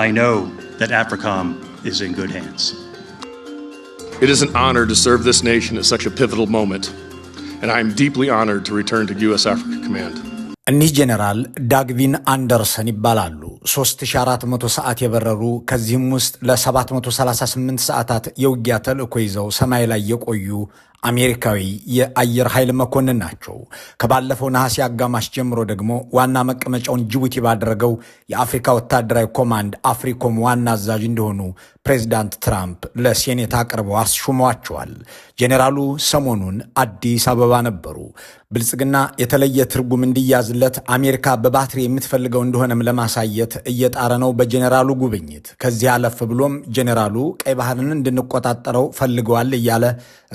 I know that AFRICOM is in good hands. It is an honor to serve this nation at such a pivotal moment, and I am deeply honored to return to U.S. Africa Command. እኒህ ጄኔራል ዳግቪን አንደርሰን ይባላሉ። 3400 ሰዓት የበረሩ ከዚህም ውስጥ ለ738 ሰዓታት የውጊያ ተልእኮ ይዘው ሰማይ ላይ የቆዩ አሜሪካዊ የአየር ኃይል መኮንን ናቸው። ከባለፈው ነሐሴ አጋማሽ ጀምሮ ደግሞ ዋና መቀመጫውን ጅቡቲ ባደረገው የአፍሪካ ወታደራዊ ኮማንድ አፍሪኮም ዋና አዛዥ እንደሆኑ ፕሬዚዳንት ትራምፕ ለሴኔት አቅርበው አስሹመዋቸዋል። ጄኔራሉ ሰሞኑን አዲስ አበባ ነበሩ። ብልጽግና የተለየ ትርጉም እንዲያዝለት አሜሪካ በባትሪ የምትፈልገው እንደሆነም ለማሳየት እየጣረ ነው በጄኔራሉ ጉብኝት። ከዚህ አለፍ ብሎም ጄኔራሉ ቀይ ባህርን እንድንቆጣጠረው ፈልገዋል እያለ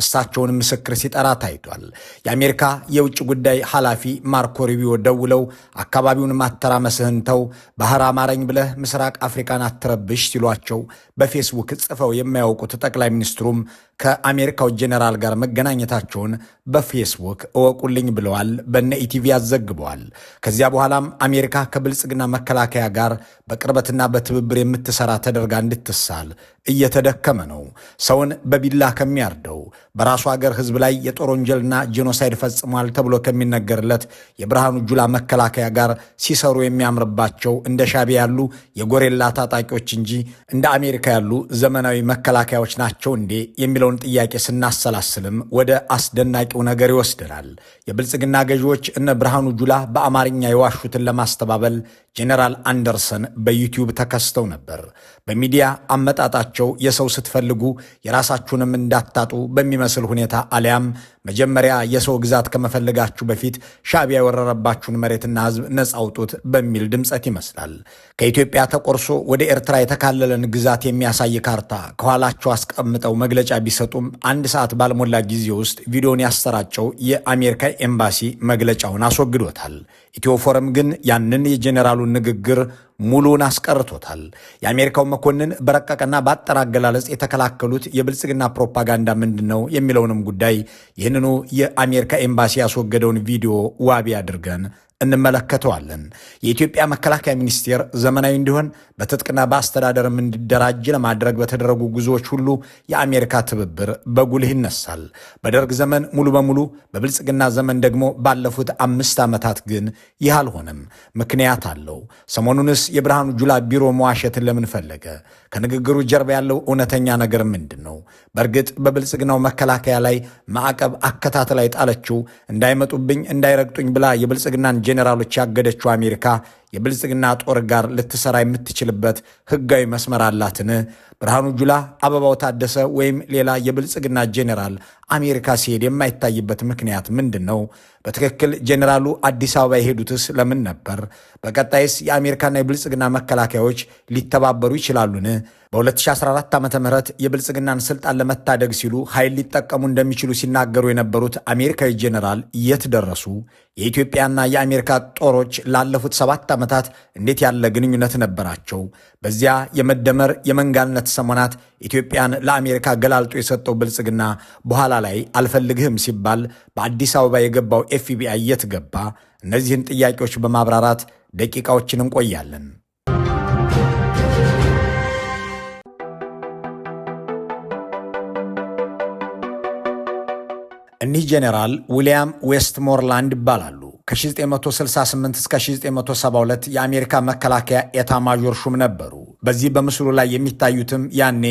እሳቸውን ምስክር ሲጠራ ታይቷል። የአሜሪካ የውጭ ጉዳይ ኃላፊ ማርኮ ሩቢዮ ደውለው አካባቢውን ማተራመስህን ተው፣ ባህር አማረኝ ብለህ ምስራቅ አፍሪካን አትረብሽ ሲሏቸው በፊ በፌስቡክ ጽፈው የማያውቁት ጠቅላይ ሚኒስትሩም ከአሜሪካው ጄኔራል ጋር መገናኘታቸውን በፌስቡክ እወቁልኝ ብለዋል። በነ ኢቲቪ አዘግበዋል። ከዚያ በኋላም አሜሪካ ከብልጽግና መከላከያ ጋር በቅርበትና በትብብር የምትሰራ ተደርጋ እንድትሳል እየተደከመ ነው። ሰውን በቢላ ከሚያርደው በራሱ ሀገር ህዝብ ላይ የጦር ወንጀልና ጄኖሳይድ ፈጽሟል ተብሎ ከሚነገርለት የብርሃኑ ጁላ መከላከያ ጋር ሲሰሩ የሚያምርባቸው እንደ ሻቢያ ያሉ የጎሬላ ታጣቂዎች እንጂ እንደ አሜሪካ ያሉ ዘመናዊ መከላከያዎች ናቸው እንዴ የሚለውን ጥያቄ ስናሰላስልም ወደ አስደናቂው ነገር ይወስደናል። የብልጽግና ገዢዎች እነ ብርሃኑ ጁላ በአማርኛ የዋሹትን ለማስተባበል ጄኔራል አንደርሰን በዩቲዩብ ተከስተው ነበር። በሚዲያ አመጣጣቸው የሰው ስትፈልጉ የራሳችሁንም እንዳታጡ በሚመስል ሁኔታ አሊያም መጀመሪያ የሰው ግዛት ከመፈለጋችሁ በፊት ሻቢያ የወረረባችሁን መሬትና ሕዝብ ነጻ አውጡት በሚል ድምፀት ይመስላል። ከኢትዮጵያ ተቆርሶ ወደ ኤርትራ የተካለለን ግዛት የሚያሳይ ካርታ ከኋላቸው አስቀምጠው መግለጫ ቢሰጡም አንድ ሰዓት ባልሞላ ጊዜ ውስጥ ቪዲዮን ያሰራጨው የአሜሪካ ኤምባሲ መግለጫውን አስወግዶታል። ኢትዮፎረም ግን ያንን የጄኔራሉን ንግግር ሙሉውን አስቀርቶታል። የአሜሪካው መኮንን በረቀቀና በአጠር አገላለጽ የተከላከሉት የብልጽግና ፕሮፓጋንዳ ምንድን ነው የሚለውንም ጉዳይ ይህንኑ የአሜሪካ ኤምባሲ ያስወገደውን ቪዲዮ ዋቢ አድርገን እንመለከተዋለን። የኢትዮጵያ መከላከያ ሚኒስቴር ዘመናዊ እንዲሆን በትጥቅና በአስተዳደርም እንዲደራጅ ለማድረግ በተደረጉ ጉዞዎች ሁሉ የአሜሪካ ትብብር በጉልህ ይነሳል። በደርግ ዘመን ሙሉ በሙሉ በብልጽግና ዘመን ደግሞ ባለፉት አምስት ዓመታት ግን ይህ አልሆነም። ምክንያት አለው። ሰሞኑንስ የብርሃኑ ጁላ ቢሮ መዋሸትን ለምን ፈለገ? ከንግግሩ ጀርባ ያለው እውነተኛ ነገር ምንድን ነው? በእርግጥ በብልጽግናው መከላከያ ላይ ማዕቀብ አከታተላ የጣለችው እንዳይመጡብኝ እንዳይረግጡኝ ብላ የብልጽግናን ጄኔራሎች ያገደችው አሜሪካ የብልጽግና ጦር ጋር ልትሰራ የምትችልበት ህጋዊ መስመር አላትን? ብርሃኑ ጁላ፣ አበባው ታደሰ ወይም ሌላ የብልጽግና ጄኔራል አሜሪካ ሲሄድ የማይታይበት ምክንያት ምንድን ነው? በትክክል ጄኔራሉ አዲስ አበባ የሄዱትስ ለምን ነበር? በቀጣይስ የአሜሪካና የብልጽግና መከላከያዎች ሊተባበሩ ይችላሉን? በ2014 ዓ ም የብልጽግናን ስልጣን ለመታደግ ሲሉ ኃይል ሊጠቀሙ እንደሚችሉ ሲናገሩ የነበሩት አሜሪካዊ ጄኔራል የት ደረሱ? የኢትዮጵያና የአሜሪካ ጦሮች ላለፉት ሰባት ዓመታት እንዴት ያለ ግንኙነት ነበራቸው? በዚያ የመደመር የመንጋነት ሰሞናት ኢትዮጵያን ለአሜሪካ ገላልጦ የሰጠው ብልጽግና በኋላ ላይ አልፈልግህም ሲባል በአዲስ አበባ የገባው ኤፍቢአይ የት ገባ? እነዚህን ጥያቄዎች በማብራራት ደቂቃዎችን እንቆያለን። እኒህ ጄኔራል ዊልያም ዌስትሞርላንድ ይባላሉ። ከ1968 እስከ 1972 የአሜሪካ መከላከያ ማዦር ሹም ነበሩ። በዚህ በምስሉ ላይ የሚታዩትም ያኔ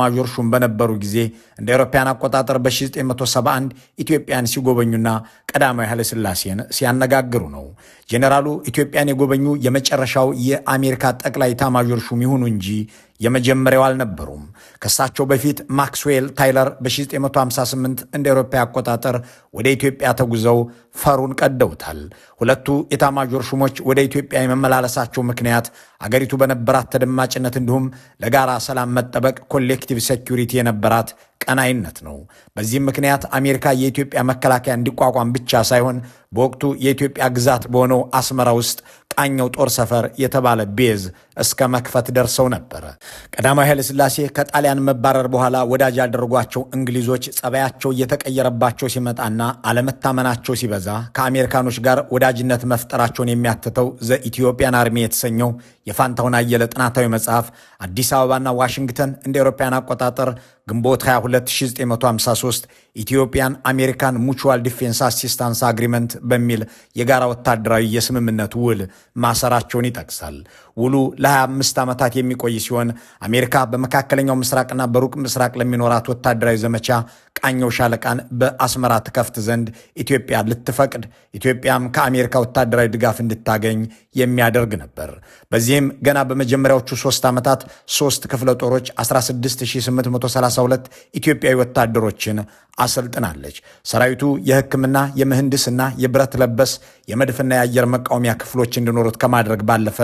ማዦር ሹም በነበሩ ጊዜ እንደ አውሮፓውያን አቆጣጠር በ1971 ኢትዮጵያን ሲጎበኙና ቀዳማዊ ኃይለሥላሴን ሲያነጋግሩ ነው። ጄኔራሉ ኢትዮጵያን የጎበኙ የመጨረሻው የአሜሪካ ጠቅላይ ማዦር ሹም ይሁኑ እንጂ የመጀመሪያው አልነበሩም። ከሳቸው በፊት ማክስዌል ታይለር በ1958 እንደ ኤሮፓ አቆጣጠር ወደ ኢትዮጵያ ተጉዘው ፈሩን ቀደውታል። ሁለቱ ኤታማዦር ሹሞች ወደ ኢትዮጵያ የመመላለሳቸው ምክንያት አገሪቱ በነበራት ተደማጭነት እንዲሁም ለጋራ ሰላም መጠበቅ ኮሌክቲቭ ሴኪሪቲ የነበራት ቀናይነት ነው። በዚህም ምክንያት አሜሪካ የኢትዮጵያ መከላከያ እንዲቋቋም ብቻ ሳይሆን በወቅቱ የኢትዮጵያ ግዛት በሆነው አስመራ ውስጥ ቃኘው ጦር ሰፈር የተባለ ቤዝ እስከ መክፈት ደርሰው ነበር። ቀዳማዊ ኃይለሥላሴ ከጣሊያን መባረር በኋላ ወዳጅ ያደረጓቸው እንግሊዞች ጸባያቸው እየተቀየረባቸው ሲመጣና አለመታመናቸው ሲበዛ ከአሜሪካኖች ጋር ወዳጅነት መፍጠራቸውን የሚያትተው ዘ ኢትዮጵያን አርሚ የተሰኘው የፋንታውን አየለ ጥናታዊ መጽሐፍ አዲስ አበባና ዋሽንግተን እንደ አውሮፓውያን አቆጣጠር ግንቦት 22 1953 ኢትዮጵያን አሜሪካን ሙቹዋል ዲፌንስ አሲስታንስ አግሪመንት በሚል የጋራ ወታደራዊ የስምምነት ውል ማሰራቸውን ይጠቅሳል። ውሉ ለ25 ዓመታት የሚቆይ ሲሆን አሜሪካ በመካከለኛው ምስራቅና በሩቅ ምስራቅ ለሚኖራት ወታደራዊ ዘመቻ ቃኘው ሻለቃን በአስመራ ትከፍት ዘንድ ኢትዮጵያ ልትፈቅድ ኢትዮጵያም ከአሜሪካ ወታደራዊ ድጋፍ እንድታገኝ የሚያደርግ ነበር። በዚህም ገና በመጀመሪያዎቹ ሶስት ዓመታት ሶስት ክፍለ ጦሮች 16832 ኢትዮጵያዊ ወታደሮችን አሰልጥናለች። ሰራዊቱ የሕክምና፣ የምህንድስና፣ የብረት ለበስ፣ የመድፍና የአየር መቃወሚያ ክፍሎች እንዲኖሩት ከማድረግ ባለፈ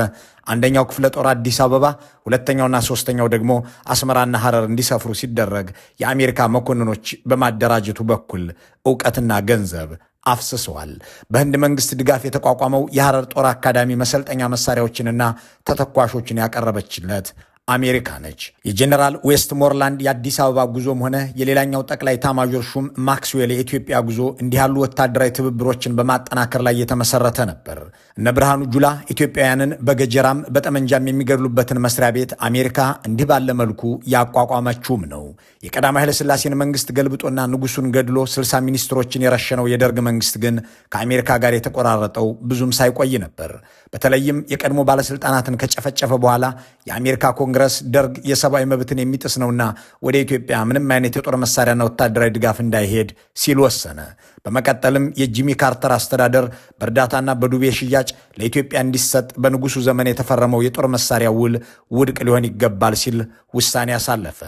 አንደኛው ክፍለ ጦር አዲስ አበባ፣ ሁለተኛውና ሶስተኛው ደግሞ አስመራና ሐረር እንዲሰፍሩ ሲደረግ የአሜሪካ መኮንኖች በማደራጀቱ በኩል እውቀትና ገንዘብ አፍስሰዋል። በህንድ መንግስት ድጋፍ የተቋቋመው የሐረር ጦር አካዳሚ መሰልጠኛ መሳሪያዎችንና ተተኳሾችን ያቀረበችለት አሜሪካ ነች። የጀነራል ዌስት ሞርላንድ የአዲስ አበባ ጉዞም ሆነ የሌላኛው ጠቅላይ ታማዦር ሹም ማክስዌል የኢትዮጵያ ጉዞ እንዲህ ያሉ ወታደራዊ ትብብሮችን በማጠናከር ላይ የተመሰረተ ነበር። እነ ብርሃኑ ጁላ ኢትዮጵያውያንን በገጀራም በጠመንጃም የሚገድሉበትን መስሪያ ቤት አሜሪካ እንዲህ ባለ መልኩ ያቋቋመችውም ነው። የቀዳማዊ ኃይለሥላሴን መንግስት ገልብጦና ንጉሱን ገድሎ ስልሳ ሚኒስትሮችን የረሸነው የደርግ መንግስት ግን ከአሜሪካ ጋር የተቆራረጠው ብዙም ሳይቆይ ነበር። በተለይም የቀድሞ ባለስልጣናትን ከጨፈጨፈ በኋላ የአሜሪካ ኮንግረስ ደርግ የሰብአዊ መብትን የሚጥስ ነውና ወደ ኢትዮጵያ ምንም አይነት የጦር መሳሪያና ወታደራዊ ድጋፍ እንዳይሄድ ሲል ወሰነ። በመቀጠልም የጂሚ ካርተር አስተዳደር በእርዳታና በዱቤ ሽያጭ ለኢትዮጵያ እንዲሰጥ በንጉሱ ዘመን የተፈረመው የጦር መሳሪያ ውል ውድቅ ሊሆን ይገባል ሲል ውሳኔ አሳለፈ።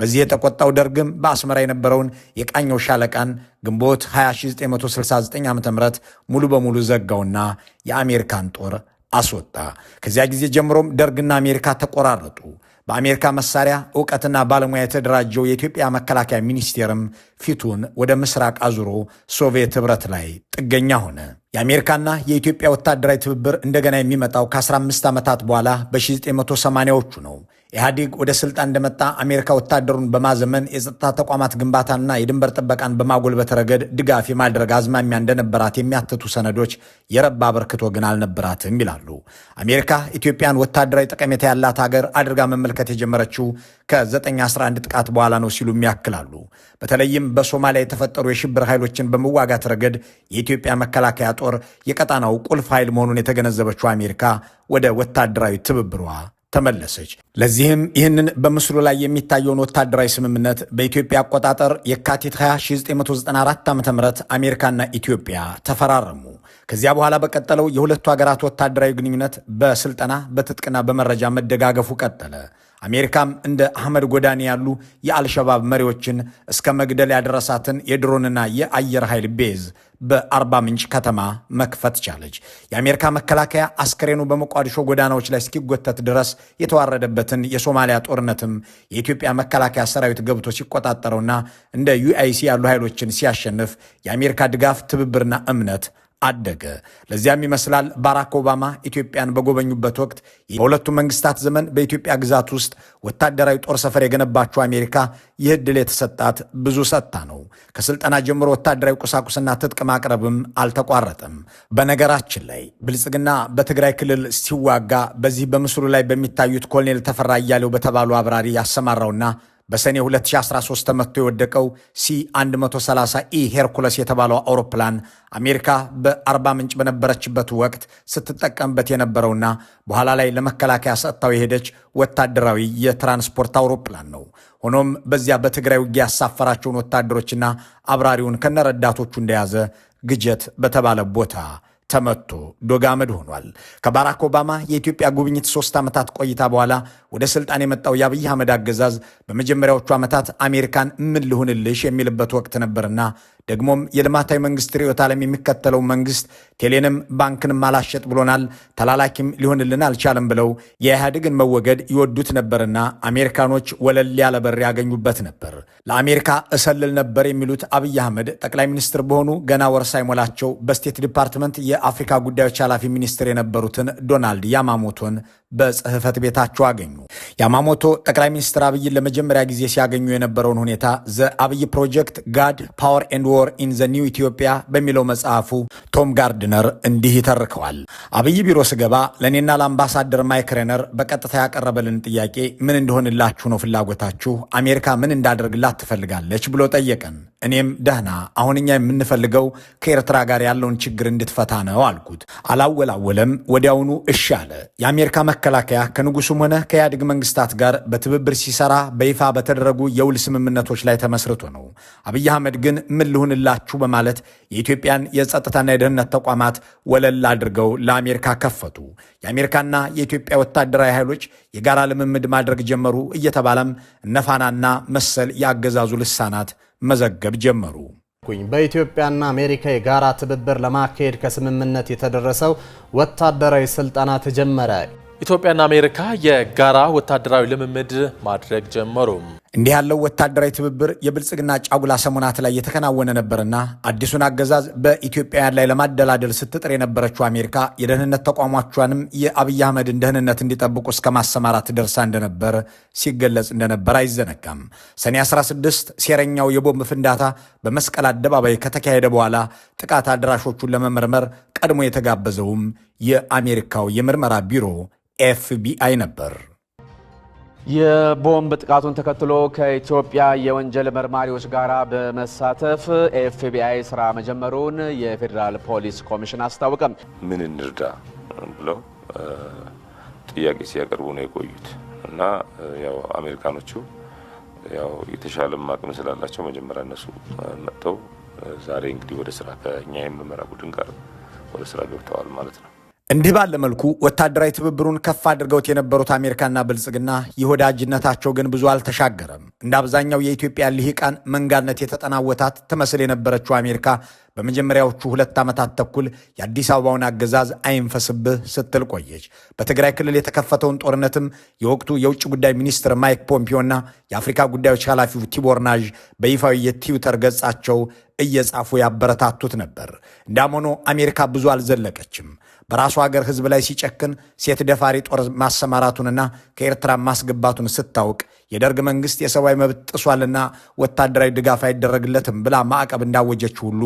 በዚህ የተቆጣው ደርግም በአስመራ የነበረውን የቃኘው ሻለቃን ግንቦት 2969 ዓ ም ሙሉ በሙሉ ዘጋውና የአሜሪካን ጦር አስወጣ። ከዚያ ጊዜ ጀምሮም ደርግና አሜሪካ ተቆራረጡ። በአሜሪካ መሳሪያ እውቀትና ባለሙያ የተደራጀው የኢትዮጵያ መከላከያ ሚኒስቴርም ፊቱን ወደ ምስራቅ አዙሮ ሶቪየት ኅብረት ላይ ጥገኛ ሆነ። የአሜሪካና የኢትዮጵያ ወታደራዊ ትብብር እንደገና የሚመጣው ከ15 ዓመታት በኋላ በ1980ዎቹ ነው። ኢህአዴግ ወደ ስልጣን እንደመጣ አሜሪካ ወታደሩን በማዘመን የጸጥታ ተቋማት ግንባታና የድንበር ጥበቃን በማጎልበት ረገድ ድጋፍ የማድረግ አዝማሚያ እንደነበራት የሚያትቱ ሰነዶች የረባ አበርክቶ ግን አልነበራትም ይላሉ። አሜሪካ ኢትዮጵያን ወታደራዊ ጠቀሜታ ያላት ሀገር አድርጋ መመልከት የጀመረችው ከ911 ጥቃት በኋላ ነው ሲሉ ያክላሉ። በተለይም በሶማሊያ የተፈጠሩ የሽብር ኃይሎችን በመዋጋት ረገድ የኢትዮጵያ መከላከያ ጦር የቀጣናው ቁልፍ ኃይል መሆኑን የተገነዘበችው አሜሪካ ወደ ወታደራዊ ትብብሯ ተመለሰች። ለዚህም ይህንን በምስሉ ላይ የሚታየውን ወታደራዊ ስምምነት በኢትዮጵያ አቆጣጠር የካቲት 2994 ዓ ም አሜሪካና ኢትዮጵያ ተፈራረሙ። ከዚያ በኋላ በቀጠለው የሁለቱ ሀገራት ወታደራዊ ግንኙነት በስልጠና በትጥቅና በመረጃ መደጋገፉ ቀጠለ። አሜሪካም እንደ አህመድ ጎዳኒ ያሉ የአልሸባብ መሪዎችን እስከ መግደል ያደረሳትን የድሮንና የአየር ኃይል ቤዝ በአርባ ምንጭ ከተማ መክፈት ቻለች። የአሜሪካ መከላከያ አስከሬኑ በሞቃዲሾ ጎዳናዎች ላይ እስኪጎተት ድረስ የተዋረደበትን የሶማሊያ ጦርነትም የኢትዮጵያ መከላከያ ሰራዊት ገብቶ ሲቆጣጠረውና እንደ ዩአይሲ ያሉ ኃይሎችን ሲያሸንፍ የአሜሪካ ድጋፍ ትብብርና እምነት አደገ። ለዚያም ይመስላል ባራክ ኦባማ ኢትዮጵያን በጎበኙበት ወቅት በሁለቱ መንግስታት ዘመን በኢትዮጵያ ግዛት ውስጥ ወታደራዊ ጦር ሰፈር የገነባቸው አሜሪካ ይህ ዕድል የተሰጣት ብዙ ሰጥታ ነው። ከስልጠና ጀምሮ ወታደራዊ ቁሳቁስና ትጥቅ ማቅረብም አልተቋረጠም። በነገራችን ላይ ብልጽግና በትግራይ ክልል ሲዋጋ በዚህ በምስሉ ላይ በሚታዩት ኮሎኔል ተፈራ እያሌው በተባሉ አብራሪ ያሰማራውና በሰኔ 2013 ተመቶ የወደቀው ሲ130ኢ ሄርኩለስ የተባለው አውሮፕላን አሜሪካ በአርባ ምንጭ በነበረችበት ወቅት ስትጠቀምበት የነበረውና በኋላ ላይ ለመከላከያ ሰጥታው የሄደች ወታደራዊ የትራንስፖርት አውሮፕላን ነው። ሆኖም በዚያ በትግራይ ውጊያ ያሳፈራቸውን ወታደሮችና አብራሪውን ከነረዳቶቹ እንደያዘ ግጀት በተባለ ቦታ ተመቶ ዶጋመድ ሆኗል። ከባራክ ኦባማ የኢትዮጵያ ጉብኝት ሶስት ዓመታት ቆይታ በኋላ ወደ ስልጣን የመጣው የአብይ አህመድ አገዛዝ በመጀመሪያዎቹ ዓመታት አሜሪካን ምን ልሁንልሽ የሚልበት ወቅት ነበርና ደግሞም የልማታዊ መንግስት ርዕዮተ ዓለም የሚከተለው መንግስት ቴሌንም ባንክንም አላሸጥ ብሎናል፣ ተላላኪም ሊሆንልን አልቻለም ብለው የኢህአዴግን መወገድ ይወዱት ነበርና አሜሪካኖች ወለል ያለ በር ያገኙበት ነበር። ለአሜሪካ እሰልል ነበር የሚሉት አብይ አህመድ ጠቅላይ ሚኒስትር በሆኑ ገና ወር ሳይሞላቸው በስቴት ዲፓርትመንት የአፍሪካ ጉዳዮች ኃላፊ ሚኒስትር የነበሩትን ዶናልድ ያማሞቶን በጽህፈት ቤታቸው አገኙ። ያማሞቶ ጠቅላይ ሚኒስትር አብይን ለመጀመሪያ ጊዜ ሲያገኙ የነበረውን ሁኔታ ዘ አብይ ፕሮጀክት ጋድ ፓወር ኤንድ ዋር ኢን ዘ ኒው ኢትዮጵያ በሚለው መጽሐፉ ቶም ጋርድነር እንዲህ ይተርከዋል። አብይ ቢሮ ስገባ ለእኔና ለአምባሳደር ማይክ ሬነር በቀጥታ ያቀረበልን ጥያቄ ምን እንደሆንላችሁ ነው ፍላጎታችሁ፣ አሜሪካ ምን እንዳደርግላት ትፈልጋለች ብሎ ጠየቀን። እኔም ደህና፣ አሁን እኛ የምንፈልገው ከኤርትራ ጋር ያለውን ችግር እንድትፈታ ነው አልኩት። አላወላወለም። ወዲያውኑ እሺ አለ። የአሜሪካ መከላከያ ከንጉሱም ሆነ ከኢህአዴግ መንግስታት ጋር በትብብር ሲሰራ በይፋ በተደረጉ የውል ስምምነቶች ላይ ተመስርቶ ነው። አብይ አህመድ ግን ምን ልሁንላችሁ በማለት የኢትዮጵያን የጸጥታና የደህንነት ተቋማት ወለል አድርገው ለአሜሪካ ከፈቱ። የአሜሪካና የኢትዮጵያ ወታደራዊ ኃይሎች የጋራ ልምምድ ማድረግ ጀመሩ እየተባለም እነፋናና መሰል የአገዛዙ ልሳናት መዘገብ ጀመሩ። በኢትዮጵያና አሜሪካ የጋራ ትብብር ለማካሄድ ከስምምነት የተደረሰው ወታደራዊ ስልጠና ተጀመረ። ኢትዮጵያና አሜሪካ የጋራ ወታደራዊ ልምምድ ማድረግ ጀመሩ። እንዲህ ያለው ወታደራዊ ትብብር የብልጽግና ጫጉላ ሰሞናት ላይ የተከናወነ ነበርና አዲሱን አገዛዝ በኢትዮጵያውያን ላይ ለማደላደል ስትጥር የነበረችው አሜሪካ የደህንነት ተቋሟቿንም የአብይ አህመድን ደህንነት እንዲጠብቁ እስከ ማሰማራት ደርሳ እንደነበር ሲገለጽ እንደነበር አይዘነጋም። ሰኔ 16 ሴረኛው የቦምብ ፍንዳታ በመስቀል አደባባይ ከተካሄደ በኋላ ጥቃት አድራሾቹን ለመመርመር ቀድሞ የተጋበዘውም የአሜሪካው የምርመራ ቢሮ ኤፍቢአይ ነበር። የቦምብ ጥቃቱን ተከትሎ ከኢትዮጵያ የወንጀል መርማሪዎች ጋር በመሳተፍ ኤፍቢአይ ስራ መጀመሩን የፌዴራል ፖሊስ ኮሚሽን አስታወቀም። ምን እንርዳ ብለው ጥያቄ ሲያቀርቡ ነው የቆዩት እና ያው አሜሪካኖቹ ያው የተሻለም አቅም ስላላቸው መጀመሪያ እነሱ መጥተው ዛሬ እንግዲህ ወደ ስራ ከእኛ የምርመራ ቡድን ጋር ወደ ስራ ገብተዋል ማለት ነው። እንዲህ ባለ መልኩ ወታደራዊ ትብብሩን ከፍ አድርገውት የነበሩት አሜሪካና ብልጽግና የወዳጅነታቸው ግን ብዙ አልተሻገረም። እንደ አብዛኛው የኢትዮጵያ ልሂቃን መንጋነት የተጠናወታት ትመስል የነበረችው አሜሪካ በመጀመሪያዎቹ ሁለት ዓመታት ተኩል የአዲስ አበባውን አገዛዝ አይንፈስብህ ስትል ቆየች። በትግራይ ክልል የተከፈተውን ጦርነትም የወቅቱ የውጭ ጉዳይ ሚኒስትር ማይክ ፖምፒዮና የአፍሪካ ጉዳዮች ኃላፊው ቲቦር ናዥ በይፋዊ የትዊተር ገጻቸው እየጻፉ ያበረታቱት ነበር። እንዳም ሆኖ አሜሪካ ብዙ አልዘለቀችም። በራሱ ሀገር ህዝብ ላይ ሲጨክን ሴት ደፋሪ ጦር ማሰማራቱንና ከኤርትራ ማስገባቱን ስታውቅ የደርግ መንግስት የሰብአዊ መብት ጥሷልና ወታደራዊ ድጋፍ አይደረግለትም ብላ ማዕቀብ እንዳወጀችው ሁሉ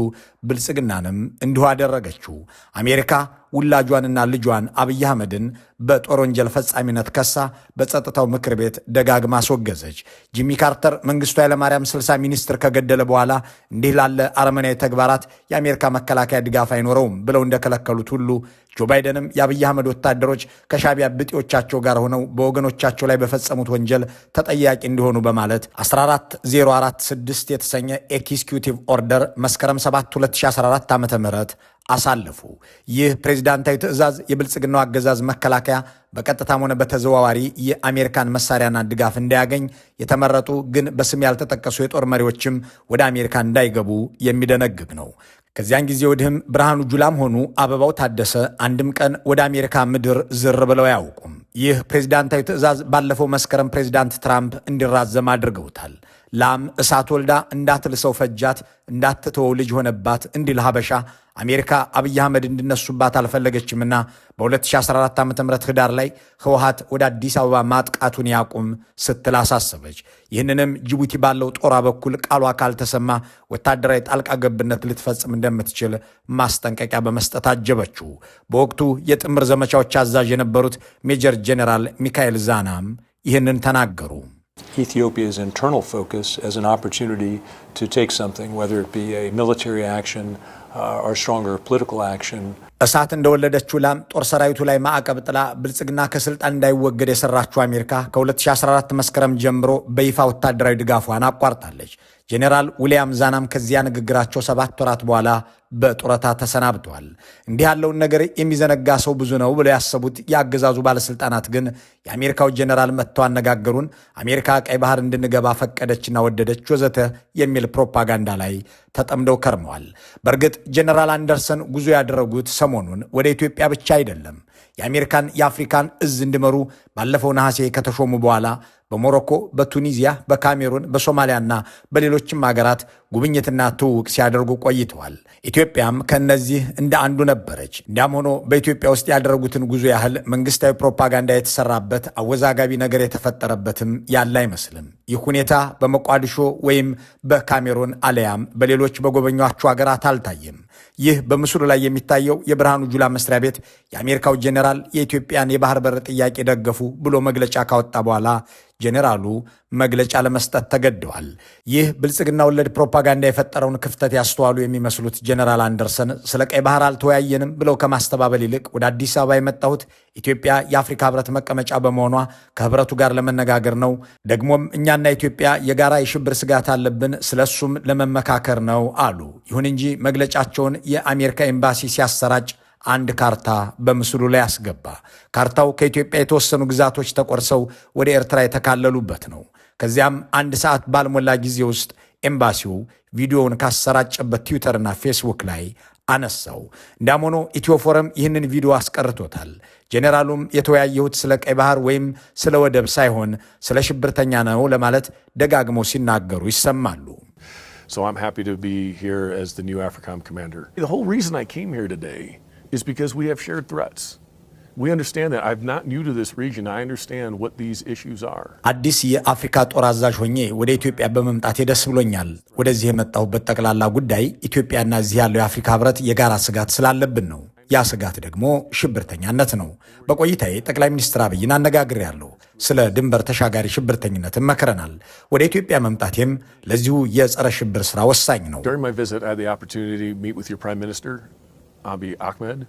ብልጽግናንም እንዲሁ አደረገችው። አሜሪካ ውላጇንና ልጇን አብይ አህመድን በጦር ወንጀል ፈጻሚነት ከሳ በጸጥታው ምክር ቤት ደጋግማ አስወገዘች። ጂሚ ካርተር መንግስቱ ኃይለማርያም 60 ሚኒስትር ከገደለ በኋላ እንዲህ ላለ አረመናዊ ተግባራት የአሜሪካ መከላከያ ድጋፍ አይኖረውም ብለው እንደከለከሉት ሁሉ ጆ ባይደንም የአብይ አህመድ ወታደሮች ከሻቢያ ብጤዎቻቸው ጋር ሆነው በወገኖቻቸው ላይ በፈጸሙት ወንጀል ተጠያቂ እንዲሆኑ በማለት 14046 የተሰኘ ኤክስኪዩቲቭ ኦርደር መስከረም 7 2014 ዓ ም አሳለፉ። ይህ ፕሬዚዳንታዊ ትዕዛዝ የብልጽግናው አገዛዝ መከላከያ በቀጥታም ሆነ በተዘዋዋሪ የአሜሪካን መሳሪያና ድጋፍ እንዳያገኝ የተመረጡ ግን በስም ያልተጠቀሱ የጦር መሪዎችም ወደ አሜሪካ እንዳይገቡ የሚደነግግ ነው። ከዚያን ጊዜ ወዲህም ብርሃኑ ጁላም ሆኑ አበባው ታደሰ አንድም ቀን ወደ አሜሪካ ምድር ዝር ብለው አያውቁም። ይህ ፕሬዚዳንታዊ ትዕዛዝ ባለፈው መስከረም ፕሬዚዳንት ትራምፕ እንዲራዘም አድርገውታል። ላም እሳት ወልዳ እንዳትልሰው ፈጃት፣ እንዳትተወው ልጅ ሆነባት እንዲል ሀበሻ አሜሪካ አብይ አህመድ እንዲነሱባት አልፈለገችምና በ2014 ዓ ም ህዳር ላይ ህወሀት ወደ አዲስ አበባ ማጥቃቱን ያቁም ስትል አሳሰበች። ይህንንም ጅቡቲ ባለው ጦሯ በኩል ቃሏ ካልተሰማ ወታደራዊ ጣልቃ ገብነት ልትፈጽም እንደምትችል ማስጠንቀቂያ በመስጠት አጀበችው። በወቅቱ የጥምር ዘመቻዎች አዛዥ የነበሩት ሜጀር ጄኔራል ሚካኤል ዛናም ይህንን ተናገሩ። Ethiopia's internal focus as an opportunity to take something, whether it be a military action uh, or stronger political action. እሳት እንደወለደችው ላም ጦር ሰራዊቱ ላይ ማዕቀብ ጥላ ብልጽግና ከስልጣን እንዳይወገድ የሰራችው አሜሪካ ከ2014 መስከረም ጀምሮ በይፋ ወታደራዊ ድጋፏን አቋርጣለች። ጄኔራል ዊልያም ዛናም ከዚያ ንግግራቸው ሰባት ወራት በኋላ በጡረታ ተሰናብተዋል። እንዲህ ያለውን ነገር የሚዘነጋ ሰው ብዙ ነው ብለው ያሰቡት የአገዛዙ ባለስልጣናት ግን የአሜሪካው ጄኔራል መጥተው አነጋገሩን፣ አሜሪካ ቀይ ባህር እንድንገባ ፈቀደችና ወደደች ወዘተ የሚል ፕሮፓጋንዳ ላይ ተጠምደው ከርመዋል። በእርግጥ ጀነራል አንደርሰን ጉዞ ያደረጉት ሰሞኑን ወደ ኢትዮጵያ ብቻ አይደለም። የአሜሪካን የአፍሪካን እዝ እንዲመሩ ባለፈው ነሐሴ ከተሾሙ በኋላ በሞሮኮ፣ በቱኒዚያ፣ በካሜሩን፣ በሶማሊያና በሌሎችም አገራት ጉብኝትና ትውውቅ ሲያደርጉ ቆይተዋል። ኢትዮጵያም ከእነዚህ እንደ አንዱ ነበረች። እንዲያም ሆኖ በኢትዮጵያ ውስጥ ያደረጉትን ጉዞ ያህል መንግስታዊ ፕሮፓጋንዳ የተሰራበት አወዛጋቢ ነገር የተፈጠረበትም ያለ አይመስልም። ይህ ሁኔታ በመቋድሾ ወይም በካሜሮን አለያም በሌሎች በጎበኟቸው ሀገራት አልታየም። ይህ በምስሉ ላይ የሚታየው የብርሃኑ ጁላ መስሪያ ቤት የአሜሪካው ጄኔራል የኢትዮጵያን የባህር በር ጥያቄ ደገፉ ብሎ መግለጫ ካወጣ በኋላ ጄኔራሉ መግለጫ ለመስጠት ተገደዋል። ይህ ብልጽግና ወለድ ፕሮፓጋንዳ የፈጠረውን ክፍተት ያስተዋሉ የሚመስሉት ጄኔራል አንደርሰን ስለ ቀይ ባህር አልተወያየንም ብለው ከማስተባበል ይልቅ ወደ አዲስ አበባ የመጣሁት ኢትዮጵያ የአፍሪካ ህብረት መቀመጫ በመሆኗ ከህብረቱ ጋር ለመነጋገር ነው። ደግሞም እኛና ኢትዮጵያ የጋራ የሽብር ስጋት አለብን፣ ስለሱም ለመመካከር ነው አሉ። ይሁን እንጂ መግለጫቸውን የአሜሪካ ኤምባሲ ሲያሰራጭ አንድ ካርታ በምስሉ ላይ አስገባ። ካርታው ከኢትዮጵያ የተወሰኑ ግዛቶች ተቆርሰው ወደ ኤርትራ የተካለሉበት ነው። ከዚያም አንድ ሰዓት ባልሞላ ጊዜ ውስጥ ኤምባሲው ቪዲዮውን ካሰራጨበት ትዊተርና ፌስቡክ ላይ አነሳው። እንዳም ሆኖ ኢትዮፎረም ይህንን ቪዲዮ አስቀርቶታል። ጄኔራሉም የተወያየሁት ስለ ቀይ ባህር ወይም ስለ ወደብ ሳይሆን ስለ ሽብርተኛ ነው ለማለት ደጋግመው ሲናገሩ ይሰማሉ። አዲስ የአፍሪካ ጦር አዛዥ ሆኜ ወደ ኢትዮጵያ በመምጣቴ ደስ ብሎኛል። ወደዚህ የመጣሁበት ጠቅላላ ጉዳይ ኢትዮጵያና እዚህ ያለው የአፍሪካ ሕብረት የጋራ ስጋት ስላለብን ነው። ያ ደግሞ ሽብርተኛነት ነው። በቆይታ ጠቅላይ ሚኒስትር አብይን ያለው ስለ ድንበር ተሻጋሪ ሽብርተኝነትም መክረናል። ወደ ኢትዮጵያ መምጣቴም ለዚሁ የጸረ ሽብር ስራ ወሳኝ ነው። ፕራይም ሚኒስትር አብይ አህመድ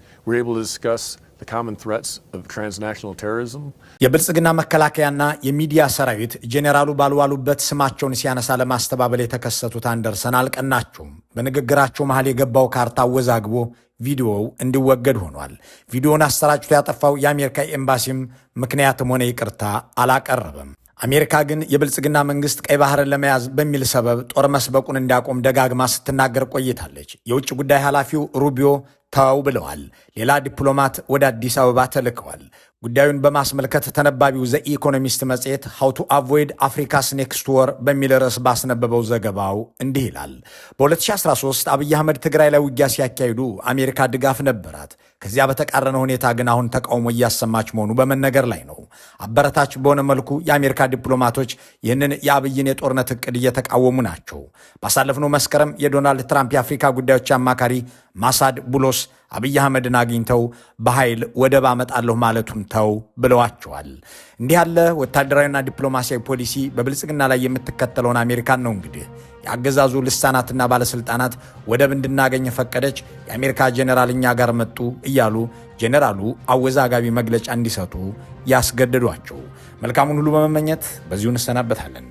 የብልጽግና መከላከያና የሚዲያ ሰራዊት ጄኔራሉ ባልዋሉበት ስማቸውን ሲያነሳ ለማስተባበል የተከሰቱት አንደርሰን አልቀናቸውም። በንግግራቸው መሃል የገባው ካርታ አወዛግቦ ቪዲዮው እንዲወገድ ሆኗል። ቪዲዮውን አሰራጭቶ ያጠፋው የአሜሪካ ኤምባሲም ምክንያትም ሆነ ይቅርታ አላቀረበም። አሜሪካ ግን የብልጽግና መንግስት ቀይ ባህርን ለመያዝ በሚል ሰበብ ጦር መስበቁን እንዲያቆም ደጋግማ ስትናገር ቆይታለች። የውጭ ጉዳይ ኃላፊው ሩቢዮ ተው ብለዋል። ሌላ ዲፕሎማት ወደ አዲስ አበባ ተልከዋል። ጉዳዩን በማስመልከት ተነባቢው ዘ ኢኮኖሚስት መጽሔት ሀው ቱ አቮይድ አፍሪካስ ኔክስት ወር በሚል ርዕስ ባስነበበው ዘገባው እንዲህ ይላል። በ2013 አብይ አህመድ ትግራይ ላይ ውጊያ ሲያካሂዱ አሜሪካ ድጋፍ ነበራት። ከዚያ በተቃረነ ሁኔታ ግን አሁን ተቃውሞ እያሰማች መሆኑ በመነገር ላይ ነው። አበረታች በሆነ መልኩ የአሜሪካ ዲፕሎማቶች ይህንን የአብይን የጦርነት እቅድ እየተቃወሙ ናቸው። ባሳለፍነው መስከረም የዶናልድ ትራምፕ የአፍሪካ ጉዳዮች አማካሪ ማሳድ ቡሎስ አብይ አህመድን አግኝተው በኃይል ወደብ አመጣለሁ ማለቱን ተው ብለዋቸዋል። እንዲህ ያለ ወታደራዊና ዲፕሎማሲያዊ ፖሊሲ በብልጽግና ላይ የምትከተለውን አሜሪካን ነው እንግዲህ የአገዛዙ ልሳናትና ባለስልጣናት ወደብ እንድናገኝ ፈቀደች፣ የአሜሪካ ጄኔራል እኛ ጋር መጡ እያሉ ጄኔራሉ አወዛጋቢ መግለጫ እንዲሰጡ ያስገደዷቸው። መልካሙን ሁሉ በመመኘት በዚሁ እንሰናበታለን።